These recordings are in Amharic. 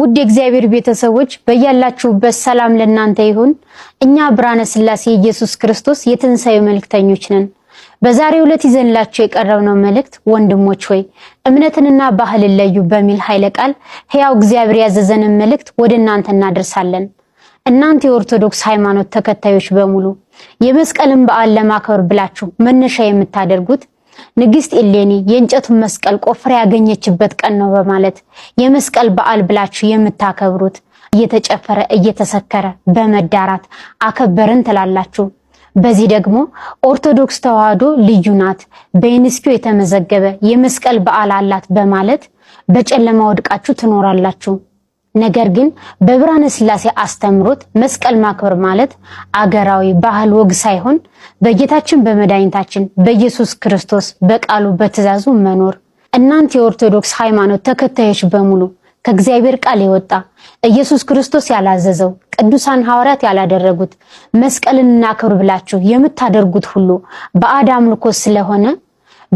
ውድ የእግዚአብሔር ቤተሰቦች በያላችሁበት ሰላም ለእናንተ ይሁን። እኛ ብርሃነ ስላሴ ኢየሱስ ክርስቶስ የትንሣኤ መልእክተኞች ነን። በዛሬው ዕለት ይዘንላችሁ የቀረብነው መልእክት ወንድሞች ሆይ እምነትንና ባህልን ለዩ በሚል ኃይለ ቃል ሕያው እግዚአብሔር ያዘዘንን መልእክት ወደ እናንተ እናደርሳለን። እናንተ የኦርቶዶክስ ሃይማኖት ተከታዮች በሙሉ የመስቀልን በዓል ለማክበር ብላችሁ መነሻ የምታደርጉት ንግስት ኢሌኒ የእንጨቱን መስቀል ቆፍራ ያገኘችበት ቀን ነው በማለት የመስቀል በዓል ብላችሁ የምታከብሩት እየተጨፈረ እየተሰከረ በመዳራት አከበርን ትላላችሁ። በዚህ ደግሞ ኦርቶዶክስ ተዋህዶ ልዩ ናት፣ በዩኔስኮ የተመዘገበ የመስቀል በዓል አላት በማለት በጨለማ ወድቃችሁ ትኖራላችሁ። ነገር ግን በብርሃነ ስላሴ አስተምሮት መስቀል ማክበር ማለት አገራዊ ባህል ወግ ሳይሆን በጌታችን በመድኃኒታችን በኢየሱስ ክርስቶስ በቃሉ በትእዛዙ መኖር። እናንተ የኦርቶዶክስ ሃይማኖት ተከታዮች በሙሉ ከእግዚአብሔር ቃል የወጣ ኢየሱስ ክርስቶስ ያላዘዘው ቅዱሳን ሐዋርያት ያላደረጉት መስቀልን እናክብር ብላችሁ የምታደርጉት ሁሉ ባዕድ አምልኮ ስለሆነ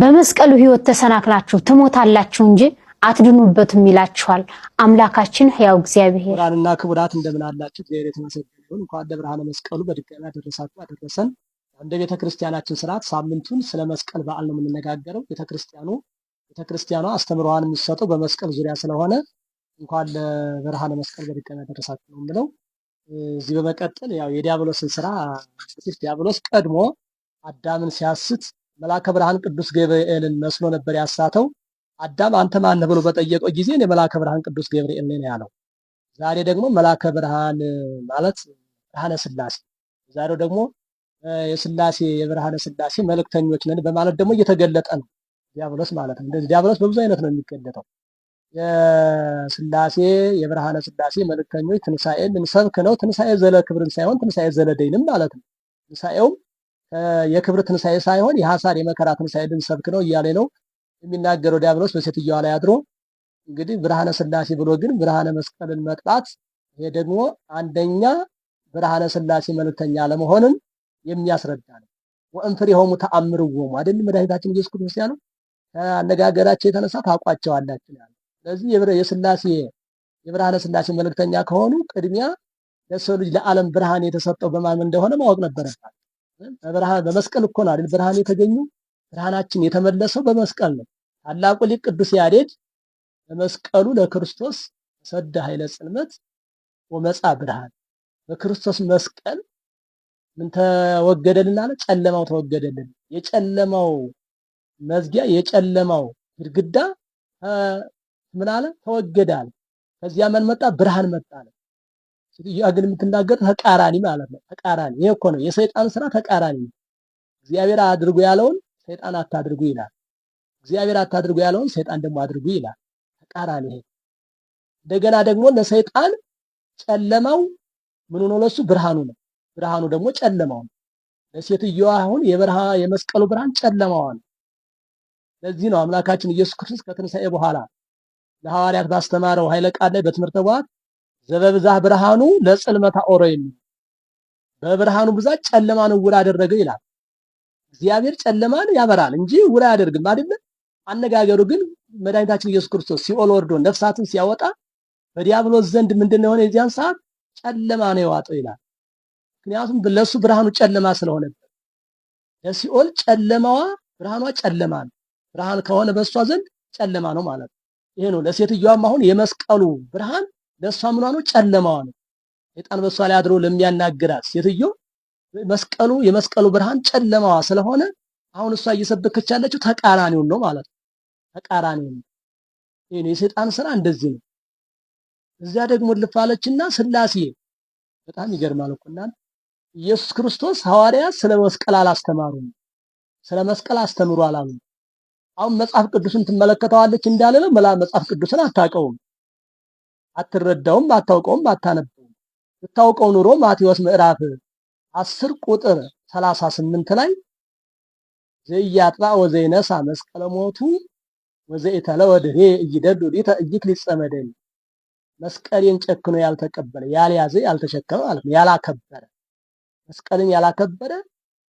በመስቀሉ ሕይወት ተሰናክላችሁ ትሞታላችሁ እንጂ አትድኑበትም ይላችኋል አምላካችን ሕያው እግዚአብሔር። ክቡራንና ክቡራት እንደምን አላችሁ? እግዚአብሔር የተመሰገነ ይሁን። እንኳን ለብርሃነ መስቀሉ በድጋሚ አደረሳችሁ አደረሰን። እንደ ቤተ ክርስቲያናችን ስርዓት ሳምንቱን ስለ መስቀል በዓል ነው የምንነጋገረው። ቤተክርስቲያኑ ቤተክርስቲያኗ አስተምሮዋን የሚሰጠው በመስቀል ዙሪያ ስለሆነ እንኳን ለብርሃነ መስቀል በድጋሚ አደረሳችሁ ነው የምለው። እዚህ በመቀጠል ያው የዲያብሎስን ስራ ዲያብሎስ ቀድሞ አዳምን ሲያስት መልአከ ብርሃን ቅዱስ ገብርኤልን መስሎ ነበር ያሳተው። አዳም አንተ ማነህ ብሎ በጠየቀው ጊዜ እኔ መልአከ ብርሃን ቅዱስ ገብርኤል ነኝ ያለው። ዛሬ ደግሞ መልአከ ብርሃን ማለት ብርሃነ ስላሴ፣ ዛሬው ደግሞ የስላሴ የብርሃነ ስላሴ መልእክተኞች ነን በማለት ደግሞ እየተገለጠ ነው ዲያብሎስ ማለት ነው። እንደዚህ ዲያብሎስ በብዙ አይነት ነው የሚገለጠው። የስላሴ የብርሃነ ስላሴ መልእክተኞች ትንሳኤን ልንሰብክ ነው። ትንሳኤ ዘለ ክብርን ሳይሆን ትንሳኤ ዘለ ደይንም ማለት ነው። ትንሳኤውም የክብር ትንሳኤ ሳይሆን የሐሳር የመከራ ትንሳኤ ልንሰብክ ነው እያለ ነው የሚናገረው ዲያብሎስ በሴትዮዋ ላይ አድሮ እንግዲህ ብርሃነ ስላሴ ብሎ ግን ብርሃነ መስቀልን መጥላት ይሄ ደግሞ አንደኛ ብርሃነ ስላሴ መልእክተኛ ለመሆንን የሚያስረዳ ነው። ወእምፍሬሆሙ ተአምርዎሙ አይደል መድኃኒታችን ኢየሱስ ክርስቶስ ያለው ከአነጋገራቸው የተነሳ ታውቋቸዋላችሁ ያለው። ስለዚህ የስላሴ የብርሃነ ስላሴ መልእክተኛ ከሆኑ ቅድሚያ ለሰው ልጅ ለዓለም ብርሃን የተሰጠው በማን እንደሆነ ማወቅ ነበረባቸው። በመስቀል እኮ ነው አይደል ብርሃን የተገኘው። ብርሃናችን የተመለሰው በመስቀል ነው። ታላቁ ሊቅ ቅዱስ ያሬድ በመስቀሉ ለክርስቶስ ሰደ ኃይለ ጽልመት ወመጻ ብርሃን፣ በክርስቶስ መስቀል ምን ተወገደልን አለ? ጨለማው ተወገደልን። የጨለማው መዝጊያ የጨለማው ግድግዳ ምን አለ? ተወገዳል ከዚያ ምን መጣ? ብርሃን መጣ አለ። ሴትዮዋ ግን የምትናገር ተቃራኒ ማለት ነው። ተቃራኒ ይሄ እኮ ነው የሰይጣን ስራ ተቃራኒ ነው። እግዚአብሔር አድርጉ ያለውን ሰይጣን አታድርጉ ይላል። እግዚአብሔር አታድርጉ ያለውን ሰይጣን ደግሞ አድርጉ ይላል። ተቃራኒ ይሄ። እንደገና ደግሞ ለሰይጣን ጨለማው ምን ሆኖ ለሱ ብርሃኑ ነው፣ ብርሃኑ ደግሞ ጨለማው ነው። ለሴትዮዋ አሁን የበረሃ የመስቀሉ ብርሃን ጨለማዋ ነው። ለዚህ ነው አምላካችን ኢየሱስ ክርስቶስ ከትንሳኤ በኋላ ለሐዋርያት ባስተማረው ኃይለ ቃል ላይ በትምህርተ ዋት ዘበብዛህ ብርሃኑ ለጽልመታ ኦሮ የሚል በብርሃኑ ብዛት ጨለማን ዕውር አደረገ ይላል። እግዚአብሔር ጨለማን ያበራል እንጂ ዕውር አያደርግም አይደለም። አነጋገሩ ግን መድኃኒታችን ኢየሱስ ክርስቶስ ሲኦል ወርዶ ነፍሳትን ሲያወጣ በዲያብሎስ ዘንድ ምንድነው ነው የሆነ የዚያን ሰዓት ጨለማ ነው የዋጠው ይላል። ምክንያቱም ለሱ ብርሃኑ ጨለማ ስለሆነበት ለሲኦል ጨለማዋ ብርሃኗ ጨለማ ነው። ብርሃን ከሆነ በእሷ ዘንድ ጨለማ ነው ማለት ነው። ይሄ ነው ለሴትዮዋም አሁን የመስቀሉ ብርሃን ለእሷ ምኗ ነው ጨለማዋ ነው። ሰይጣን በእሷ ላይ አድሮ ለሚያናግራት ሴትዮ መስቀሉ የመስቀሉ ብርሃን ጨለማዋ ስለሆነ አሁን እሷ እየሰበከች ያለችው ተቃራኒውን ነው ማለት ነው። ተቃራኒ ነው። የሰይጣን ስራ እንደዚህ ነው። እዚያ ደግሞ ልፋለችና ስላሴ በጣም ይገርማል እኮ እናንተ ኢየሱስ ክርስቶስ ሐዋርያት ስለ መስቀል አላስተማሩም፣ ስለ መስቀል አስተምሩ አላሉ። አሁን መጽሐፍ ቅዱስን ትመለከተዋለች እንዳለ ነው። መጽሐፍ ቅዱስን አታውቀውም፣ አትረዳውም፣ አታውቀውም፣ አታነበውም። ብታውቀው ኑሮ ማቴዎስ ምዕራፍ አስር ቁጥር ሰላሳ ስምንት ላይ ዘያጥራ ወዘይነሳ መስቀለ ሞቱ ወዘኢተለ ወድሬ እይደዱ ዲተ እጅክ መስቀሌን ጨክኖ ያልተቀበለ ያልያዘ ያልተሸከመ ማለት ነው። ያላከበረ መስቀልን ያላከበረ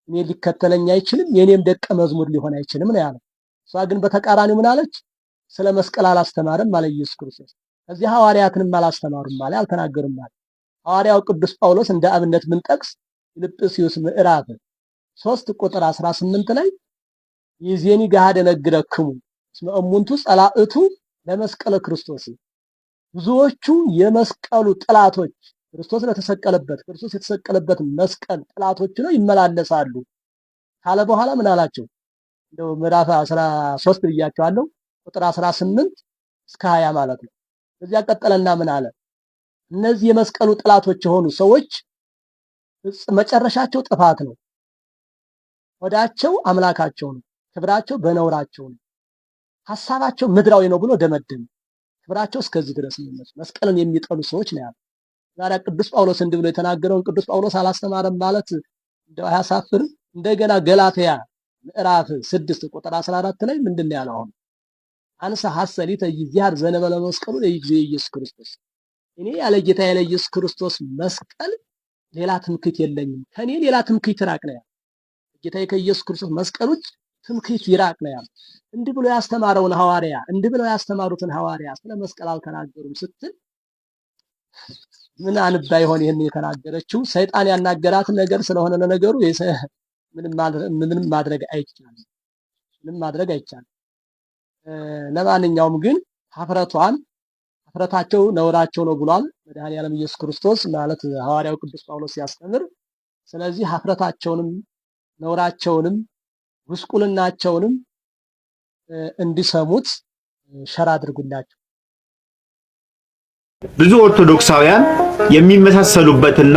እኔ ሊከተለኝ አይችልም፣ የእኔም ደቀ መዝሙር ሊሆን አይችልም ነው ያለው። እሷ ግን በተቃራኒው ምን አለች? ስለ መስቀል አላስተማርም ማለት ኢየሱስ ክርስቶስ እዚህ ሐዋርያትንም አላስተማሩም ማለት አልተናገሩም ማለት። ሐዋርያው ቅዱስ ጳውሎስ እንደ አብነት ብንጠቅስ ፊልጵስዩስ ምዕራፍ ሶስት ቁጥር አስራ ስምንት ላይ ይዜኒ ገሃደ ነግረክሙ እስመ እሙንቱ ጸላእቱ ለመስቀለ ክርስቶስ ብዙዎቹ የመስቀሉ ጥላቶች ክርስቶስ ለተሰቀለበት ክርስቶስ የተሰቀለበት መስቀል ጥላቶች ነው ይመላለሳሉ ካለ በኋላ ምን አላቸው? እንደው ምዕራፍ 13 ብያቸዋለሁ ቁጥር 18 እስከ 20 ማለት ነው። በዚያ ቀጠለና ምን አለ? እነዚህ የመስቀሉ ጥላቶች የሆኑ ሰዎች መጨረሻቸው ጥፋት ነው። ወዳቸው አምላካቸው ነው፣ ክብራቸው በነውራቸው ነው። ሀሳባቸው ምድራዊ ነው ብሎ ደመደም ክብራቸው እስከዚህ ድረስ ነው። መስቀልን የሚጠሉ ሰዎች ነው ያሉ። ዛሬ ቅዱስ ጳውሎስ እንዲህ ብሎ የተናገረውን ቅዱስ ጳውሎስ አላስተማረም ማለት እንደው አያሳፍርም? እንደገና ገላትያ ምዕራፍ ስድስት ቁጥር አስራ አራት ላይ ምንድን ነው ያለው? አሁን አንሰ ሀሰሊ ይያር ዘነበለ መስቀሉ ለጊዜ ኢየሱስ ክርስቶስ እኔ ያለ ጌታ ያለ ኢየሱስ ክርስቶስ መስቀል ሌላ ትምክህት የለኝም፣ ከኔ ሌላ ትምክህት ራቅ ነው ያለው። ጌታ ከኢየሱስ ክርስቶስ መስቀል ውጭ ትምክህት ይራቅ ነው ያሉት። እንዲህ ብሎ ያስተማረውን ሐዋርያ እንዲህ ብለው ያስተማሩትን ሐዋርያ ስለ መስቀል አልተናገሩም ስትል ምን አንባ ይሆን ይህን የተናገረችው? ሰይጣን ያናገራት ነገር ስለሆነ ለነገሩ ምንም ማድረግ አይቻልም። ምንም ማድረግ አይቻልም። ለማንኛውም ግን ሀፍረቷን ሀፍረታቸው ነውራቸው ነው ብሏል መድኃኔዓለም ኢየሱስ ክርስቶስ ማለት ሐዋርያው ቅዱስ ጳውሎስ ሲያስተምር። ስለዚህ ሀፍረታቸውንም ነውራቸውንም ውስቁልናቸውንም እንዲሰሙት ሸር አድርጉላቸው። ብዙ ኦርቶዶክሳውያን የሚመሳሰሉበትና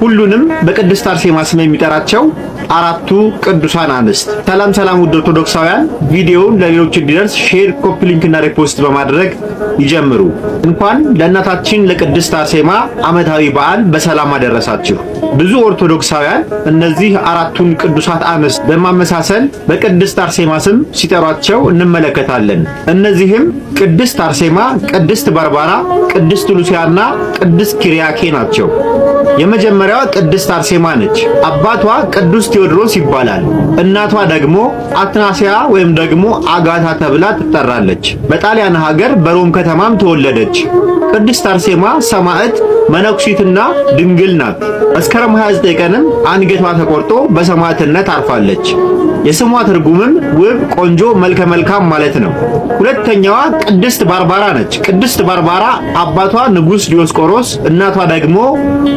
ሁሉንም በቅድስት አርሴማ ስም የሚጠራቸው አራቱ ቅዱሳን አንስት። ሰላም ሰላም፣ ውድ ኦርቶዶክሳውያን፣ ቪዲዮውን ለሌሎች እንዲደርስ ሼር፣ ኮፒ ሊንክ እና ሪፖስት በማድረግ ይጀምሩ። እንኳን ለእናታችን ለቅድስት አርሴማ ዓመታዊ በዓል በሰላም አደረሳችሁ። ብዙ ኦርቶዶክሳውያን እነዚህ አራቱን ቅዱሳት አንስት በማመሳሰል በቅድስት አርሴማ ስም ሲጠሯቸው እንመለከታለን። እነዚህም ቅድስት አርሴማ፣ ቅድስት ባርባራ፣ ቅድስት ሉሲያና ቅድስት ኪሪያኬ ናቸው። የመጀመሪያዋ ቅድስት አርሴማ ነች። አባቷ ቅዱስ ቴዎድሮስ ይባላል። እናቷ ደግሞ አትናሲያ ወይም ደግሞ አጋታ ተብላ ትጠራለች። በጣሊያን ሀገር በሮም ከተማም ተወለደች። ቅድስት አርሴማ ሰማዕት መነኩሲትና ድንግል ናት። መስከረም 29 ቀንም አንገቷ ተቆርጦ በሰማዕትነት አርፋለች። የስሟ ትርጉምም ውብ፣ ቆንጆ፣ መልከ መልካም ማለት ነው። ሁለተኛዋ ቅድስት ባርባራ ነች። ቅድስት ባርባራ አባቷ ንጉሥ ዲዮስቆሮስ፣ እናቷ ደግሞ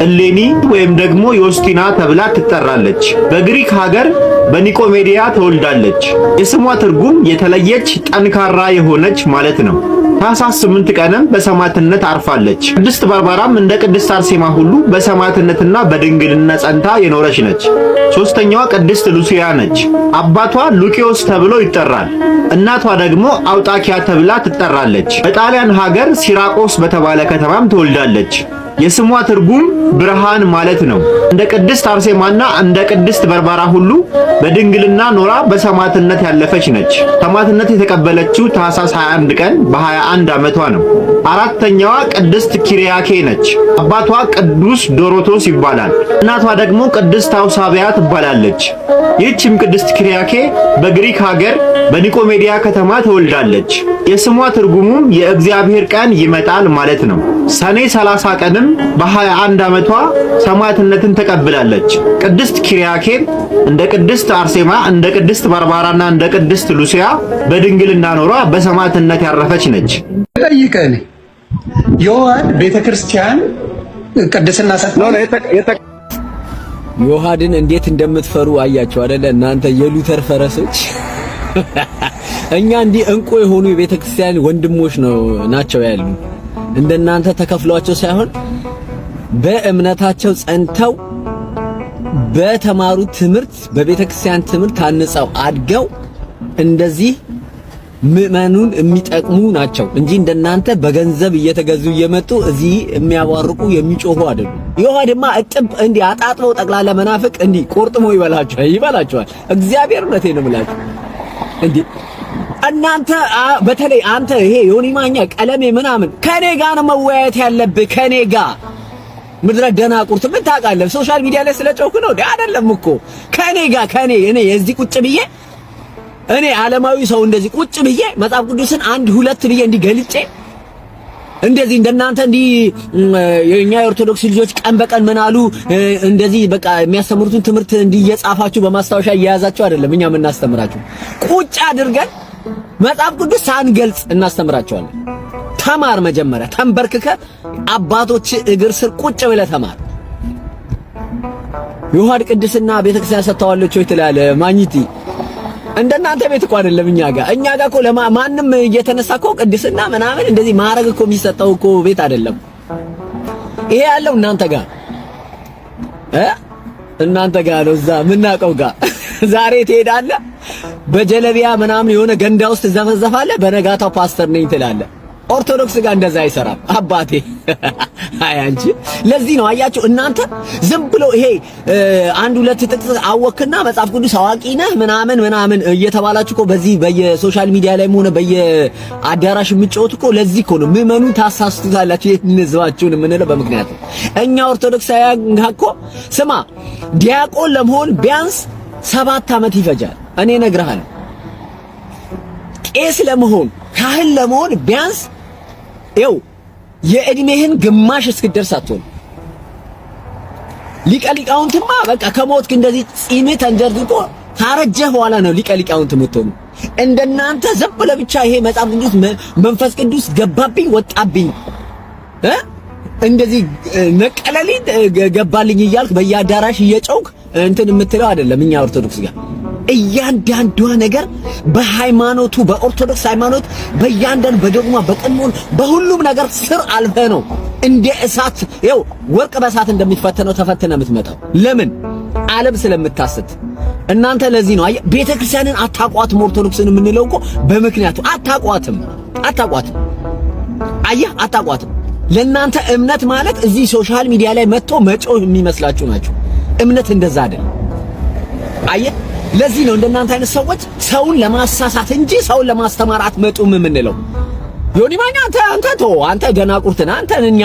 እሌኒ ወይም ደግሞ ዮስቲና ተብላ ትጠራለች። በግሪክ ሀገር በኒቆሜዲያ ተወልዳለች። የስሟ ትርጉም የተለየች ጠንካራ የሆነች ማለት ነው። ታኅሳስ 8 ቀንም በሰማዕትነት አርፋለች። ቅድስት ባርባራም እንደ ቅድስት አርሴማ ሁሉ በሰማዕትነትና በድንግልና ጸንታ የኖረች ነች። ሶስተኛዋ ቅድስት ሉሲያ ነች። አባቷ ሉቂዮስ ተብሎ ይጠራል። እናቷ ደግሞ አውጣኪያ ተብላ ትጠራለች። በጣሊያን ሀገር ሲራቆስ በተባለ ከተማም ትወልዳለች። የስሟ ትርጉም ብርሃን ማለት ነው። እንደ ቅድስት አርሴማና እንደ ቅድስት በርባራ ሁሉ በድንግልና ኖራ በሰማዕትነት ያለፈች ነች። ሰማዕትነት የተቀበለችው ታኅሳስ 21 ቀን በ21 ዓመቷ ነው። አራተኛዋ ቅድስት ኪሪያኬ ነች። አባቷ ቅዱስ ዶሮቶስ ይባላል። እናቷ ደግሞ ቅድስት አውሳቢያ ትባላለች። ይህችም ቅድስት ኪሪያኬ በግሪክ ሀገር በኒቆሜዲያ ከተማ ተወልዳለች። የስሟ ትርጉሙም የእግዚአብሔር ቀን ይመጣል ማለት ነው። ሰኔ 30 ቀንም በ21 ዓመቷ ሰማዕትነትን ተቀብላለች። ቅድስት ኪሪያኬ እንደ ቅድስት አርሴማ፣ እንደ ቅድስት ባርባራና እንደ ቅድስት ሉሲያ በድንግልና ኖሯ በሰማዕትነት ያረፈች ነች። ጠይቀን ዮሐድ ቤተክርስቲያን ቅድስና ዮሐድን እንዴት እንደምትፈሩ አያቸው አይደለ? እናንተ የሉተር ፈረሶች። እኛ እንዲህ እንቁ የሆኑ የቤተክርስቲያን ወንድሞች ነው ናቸው ያሉ እንደናንተ ተከፍሏቸው ሳይሆን በእምነታቸው ጸንተው በተማሩ ትምህርት በቤተ ክርስቲያን ትምህርት አንጸው አድገው እንደዚህ ምእመኑን የሚጠቅሙ ናቸው እንጂ እንደናንተ በገንዘብ እየተገዙ እየመጡ እዚህ የሚያቧርቁ የሚጮሁ አይደሉ። ይኸዋ እጥብ እንዲህ አጣጥበው ጠቅላላ መናፍቅ እንዲህ ቆርጥሞ ይበላቸዋል ይበላቸዋል። እግዚአብሔር እውነቴን ነው የምላቸው እንዲህ እናንተ በተለይ አንተ ይሄ ዮኒ ማኛ ቀለሜ ምናምን ከኔ ጋር ነው መወያየት ያለብህ ከኔ ጋር ምድረ ደናቁርት ምን ታውቃለህ? ሶሻል ሚዲያ ላይ ስለጮክ ነው አይደለም እኮ ከኔ ጋር ከኔ እኔ የዚህ ቁጭ ብዬ እኔ ዓለማዊ ሰው እንደዚህ ቁጭ ብዬ መጽሐፍ ቅዱስን አንድ ሁለት ብዬ እንዲገልጬ ገልጬ እንደዚህ እንደናንተ እንዲህ የኛ የኦርቶዶክስ ልጆች ቀን በቀን ምን አሉ እንደዚህ በቃ የሚያስተምሩትን ትምህርት እንዲህ በማስታወሻ እየያዛችሁ አይደለም እኛ የምናስተምራችሁ ቁጭ አድርገን መጽሐፍ ቅዱስ ሳንገልጽ እናስተምራቸዋለን። ተማር። መጀመሪያ ተንበርክከ አባቶች እግር ስር ቁጭ ብለ ተማር። የውሃድ ቅድስና ቤተክርስቲያን ሰጥተዋለች ወይ ትላለህ ማግኒቲ። እንደናንተ ቤት እኮ አይደለም። እኛ ጋር እኛ ጋር እኮ ለማንም እየተነሳ እኮ ቅድስና ምናምን እንደዚህ ማረግ እኮ የሚሰጠው እኮ ቤት አይደለም። ይሄ ያለው እናንተ ጋር እ እናንተ ጋር ነው፣ እዛ ምናውቀው ጋር ዛሬ ትሄዳለህ፣ በጀለቢያ ምናምን የሆነ ገንዳ ውስጥ ዘፈዘፋለህ፣ በነጋታው ፓስተር ነኝ ትላለህ። ኦርቶዶክስ ጋር እንደዛ አይሰራም አባቴ። አይ አንቺ ለዚህ ነው አያችሁ፣ እናንተ ዝም ብሎ ይሄ አንድ ሁለት ጥቅስ አወክና መጽሐፍ ቅዱስ አዋቂ ነህ ምናምን ምናምን እየተባላችሁ እኮ በዚህ በየሶሻል ሚዲያ ላይ ሆነ በየአዳራሽ የምትጮት እኮ ለዚህ እኮ ነው ምዕመኑን ታሳስቱታላችሁ። የህዝባችሁን የምንለው በምክንያት እኛ ኦርቶዶክሳውያን ጋር እኮ ስማ፣ ዲያቆን ለመሆን ቢያንስ ሰባት ዓመት ይፈጃል። እኔ እነግርሃለሁ ቄስ ለመሆን ካህን ለመሆን ቢያንስ ይኸው የእድሜህን ግማሽ እስክደርስ አትሆን። ሊቀ ሊቃውንትማ በቃ ከሞትክ እንደዚህ ጺምህ ተንደርድቆ ካረጀህ በኋላ ነው ሊቀ ሊቃውንት የምትሆኑ። እንደናንተ ዝም ብለህ ብቻ ይሄ መጽሐፍ ቅዱስ መንፈስ ቅዱስ ገባብኝ ወጣብኝ እ እንደዚህ ነቀለልኝ ገባልኝ እያልክ በየአዳራሽ እየጨውክ እንትን የምትለው አይደለም እኛ ኦርቶዶክስ ጋር እያንዳንዷ ነገር በሃይማኖቱ በኦርቶዶክስ ሃይማኖት በእያንዳንዱ በዶግማ በቀኖን በሁሉም ነገር ስር አልፈ ነው እንደ እሳት ይኸው ወርቅ በእሳት እንደሚፈተነው ተፈትነ የምትመጣው ለምን ዓለም ስለምታስት እናንተ ለዚህ ነው ቤተ ክርስቲያንን አታቋትም ኦርቶዶክስን የምንለው እኮ በምክንያቱ አታቋትም አታቋትም አየህ አታቋትም ለእናንተ እምነት ማለት እዚህ ሶሻል ሚዲያ ላይ መጥቶ መጮህ የሚመስላችሁ ናቸው እምነት እንደዛ አይደል አየህ ለዚህ ነው እንደናንተ አይነት ሰዎች ሰውን ለማሳሳት እንጂ ሰውን ለማስተማር አትመጡም የምንለው። ዮኒ ማኛ አንተ አንተ ተው አንተ ገና ቁርትና አንተ እኛ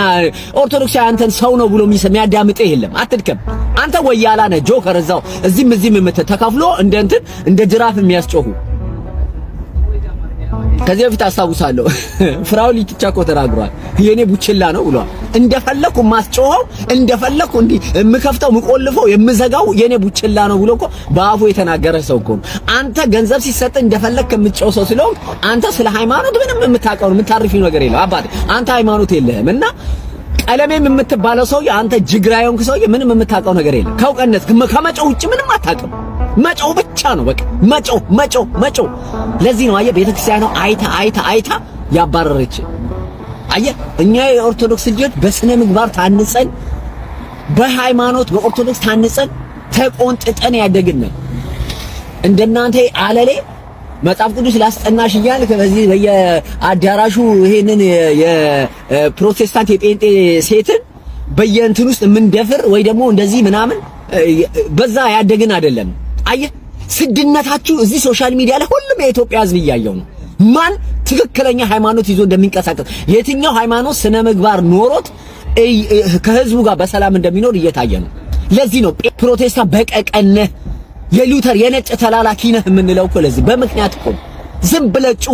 ኦርቶዶክስ አንተን ሰው ነው ብሎ የሚያዳምጥህ የለም። አትድከም። አንተ ወያላ ነህ፣ ጆከር እዛው እዚህም እዚህም የምትል ተከፍሎ እንደ እንትን እንደ ጅራፍ የሚያስጮሁ ከዚህ በፊት አስታውሳለሁ። ፍራውሊ ሊኪቻ እኮ ተናግሯል። የኔ ቡችላ ነው ብሏል። እንደፈለኩ ማስጮኸው እንደፈለኩ እንዲ የምከፍተው የምቆልፈው የምዘጋው የኔ ቡችላ ነው ብሎ እኮ በአፉ የተናገረ ሰው እኮ ነው። አንተ ገንዘብ ሲሰጥ እንደፈለክ ከምትጮው ሰው ስለሆንክ አንተ ስለ ሃይማኖት ምንም የምታውቀው የምታርፊው ነገር የለም። አባቴ አንተ ሃይማኖት የለህም እና ቀለሜም የምትባለው ሰውዬ አንተ ጅግራ የሆንክ ሰውዬ ምንም የምታውቀው ነገር የለም። ከእውቀነት ከመጮህ ውጭ ምንም አታውቅም። መጮህ ብቻ ነው በቃ መጮህ መጮህ መጮህ። ለዚህ ነው አየህ ቤተክርስቲያኗ አይታ አይታ አይታ ያባረረች አየህ እኛ የኦርቶዶክስ ልጆች በስነ ምግባር ታንጸን በሃይማኖት በኦርቶዶክስ ታንጸን ተቆንጥጠን ያደግን እንደናንተ አለሌ መጽሐፍ ቅዱስ ላስጠናሽ እያልክ በዚህ በየአዳራሹ ይሄንን የፕሮቴስታንት የጴንጤ ሴትን በየእንትን ውስጥ የምንደፍር ወይ ደግሞ እንደዚህ ምናምን በዛ ያደግን አይደለም። አየህ ስድነታችሁ እዚህ ሶሻል ሚዲያ ላይ ሁሉም የኢትዮጵያ ሕዝብ እያየው ነው። ማን ትክክለኛ ሃይማኖት ይዞ እንደሚንቀሳቀስ የትኛው ሃይማኖት ስነ ምግባር ኖሮት ከህዝቡ ጋር በሰላም እንደሚኖር እየታየ ነው። ለዚህ ነው ፕሮቴስታንት በቀቀነ የሉተር የነጭ ተላላኪ ነህ የምንለው እኮ ለዚህ በምክንያት እኮ ዝም ብለጩ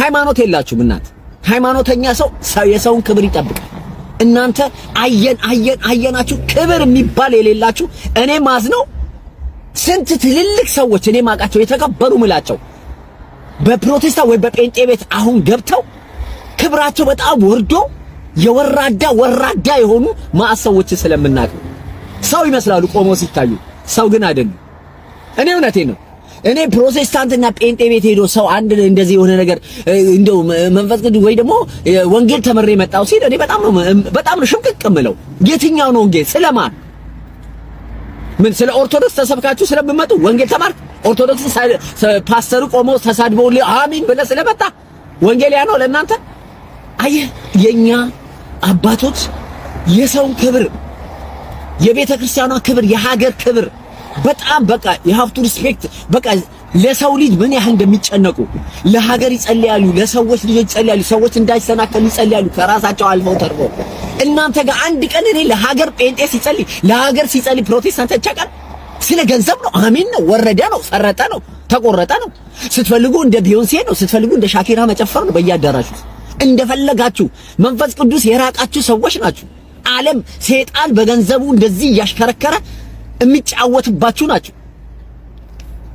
ሃይማኖት የላችሁም። እናት ሃይማኖተኛ ሰው የሰውን ክብር ይጠብቃል። እናንተ አየን አየን አየናችሁ ክብር የሚባል የሌላችሁ እኔ ማዝነው ስንት ትልልቅ ሰዎች እኔ ማቃቸው የተከበሩ ምላቸው በፕሮቴስታንት ወይ በጴንጤ ቤት አሁን ገብተው ክብራቸው በጣም ወርዶ የወራዳ ወራዳ የሆኑ ማዕት ሰዎችን ስለምናቅ ሰው ይመስላሉ ቆመው ሲታዩ፣ ሰው ግን አይደሉም። እኔ እውነቴ ነው። እኔ ፕሮቴስታንትና ጴንጤ ቤት ሄዶ ሰው አንድ እንደዚህ የሆነ ነገር እንደው መንፈስ ቅዱስ ወይ ደግሞ ወንጌል ተመሬ መጣው ሲል እኔ በጣም ነው በጣም ነው ሽምቅቅ እምለው። የትኛው ነው ወንጌል ስለማን ምን ስለ ኦርቶዶክስ ተሰብካችሁ ስለምመጡ ወንጌል ተማር ኦርቶዶክስ ፓስተሩ ቆሞ ተሳድበው አሚን ብለህ ስለመጣ ወንጌል ያ ነው ለእናንተ። አየህ የኛ አባቶች የሰውን ክብር፣ የቤተ ክርስቲያኗ ክብር፣ የሀገር ክብር በጣም በቃ የሀብቱ ሪስፔክት በቃ ለሰው ልጅ ምን ያህል እንደሚጨነቁ ለሀገር ይጸልያሉ፣ ለሰዎች ልጆች ይጸልያሉ፣ ሰዎች እንዳይሰናከሉ ይጸልያሉ። ከራሳቸው አልፈው ተርፎ እናንተ ጋር አንድ ቀን እኔ ለሀገር ጴንጤ ሲጸልይ ለሀገር ሲጸልይ ፕሮቴስታንት ተቻቀር ስለ ገንዘብ ነው። አሜን ነው፣ ወረደ ነው፣ ሰረጠ ነው፣ ተቆረጠ ነው። ስትፈልጉ እንደ ቢዮንሴ ነው፣ ስትፈልጉ እንደ ሻኪራ መጨፈር ነው። በየአዳራሹ እንደፈለጋችሁ መንፈስ ቅዱስ የራቃችሁ ሰዎች ናችሁ። ዓለም ሰይጣን በገንዘቡ እንደዚህ እያሽከረከረ የሚጫወትባችሁ ናችሁ።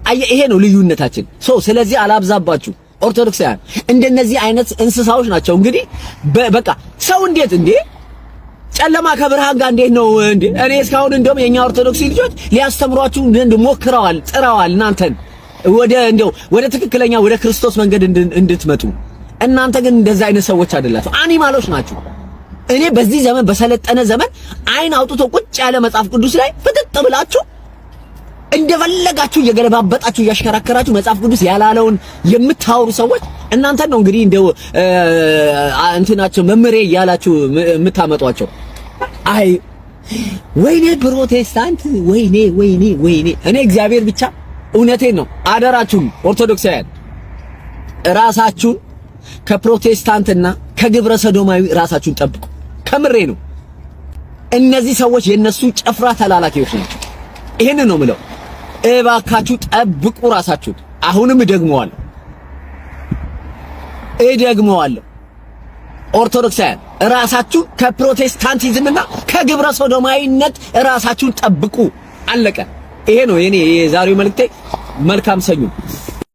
አየህ፣ ይሄ ነው ልዩነታችን። ሶ ስለዚህ አላብዛባችሁ። ኦርቶዶክሳውያን እንደነዚህ አይነት እንስሳዎች ናቸው። እንግዲህ በቃ ሰው እንዴት እንዴ ጨለማ ከብርሃን ጋር እንዴት ነው እንዴ? እኔ እስካሁን እንደውም የኛ ኦርቶዶክስ ልጆች ሊያስተምሯችሁ እንደ ሞክረዋል፣ ጥረዋል እናንተን ወደ እንደው ወደ ትክክለኛ ወደ ክርስቶስ መንገድ እንድትመጡ። እናንተ ግን እንደዛ አይነት ሰዎች አይደላችሁ፣ አኒማሎች ናችሁ። እኔ በዚህ ዘመን በሰለጠነ ዘመን አይን አውጥቶ ቁጭ ያለ መጽሐፍ ቅዱስ ላይ ፍጥጥ ብላችሁ እንደፈለጋችሁ እየገለባበጣችሁ እያሽከራከራችሁ መጽሐፍ ቅዱስ ያላለውን የምታወሩ ሰዎች እናንተ ነው እንግዲህ እንደው እንትናቸው መምሬ እያላችሁ የምታመጧቸው። አይ ወይኔ ፕሮቴስታንት ወይኔ ወይኔ ወይኔ። እኔ እግዚአብሔር ብቻ እውነቴን ነው። አደራችሁን ኦርቶዶክሳውያን ራሳችሁን ከፕሮቴስታንትና ከግብረ ሰዶማዊ ራሳችሁን ጠብቁ። ከምሬ ነው። እነዚህ ሰዎች የነሱ ጨፍራ ተላላኪዎች ናቸው። ይሄንን ነው ምለው። እባካችሁ ጠብቁ ራሳችሁን። አሁንም እደግመዋለሁ እደግመዋለሁ ኦርቶዶክሳውያን ራሳችሁ ከፕሮቴስታንቲዝምና ከግብረ ሶዶማዊነት ራሳችሁን ጠብቁ። አለቀ። ይሄ ነው የኔ የዛሬው መልእክቴ። መልካም ሰኞ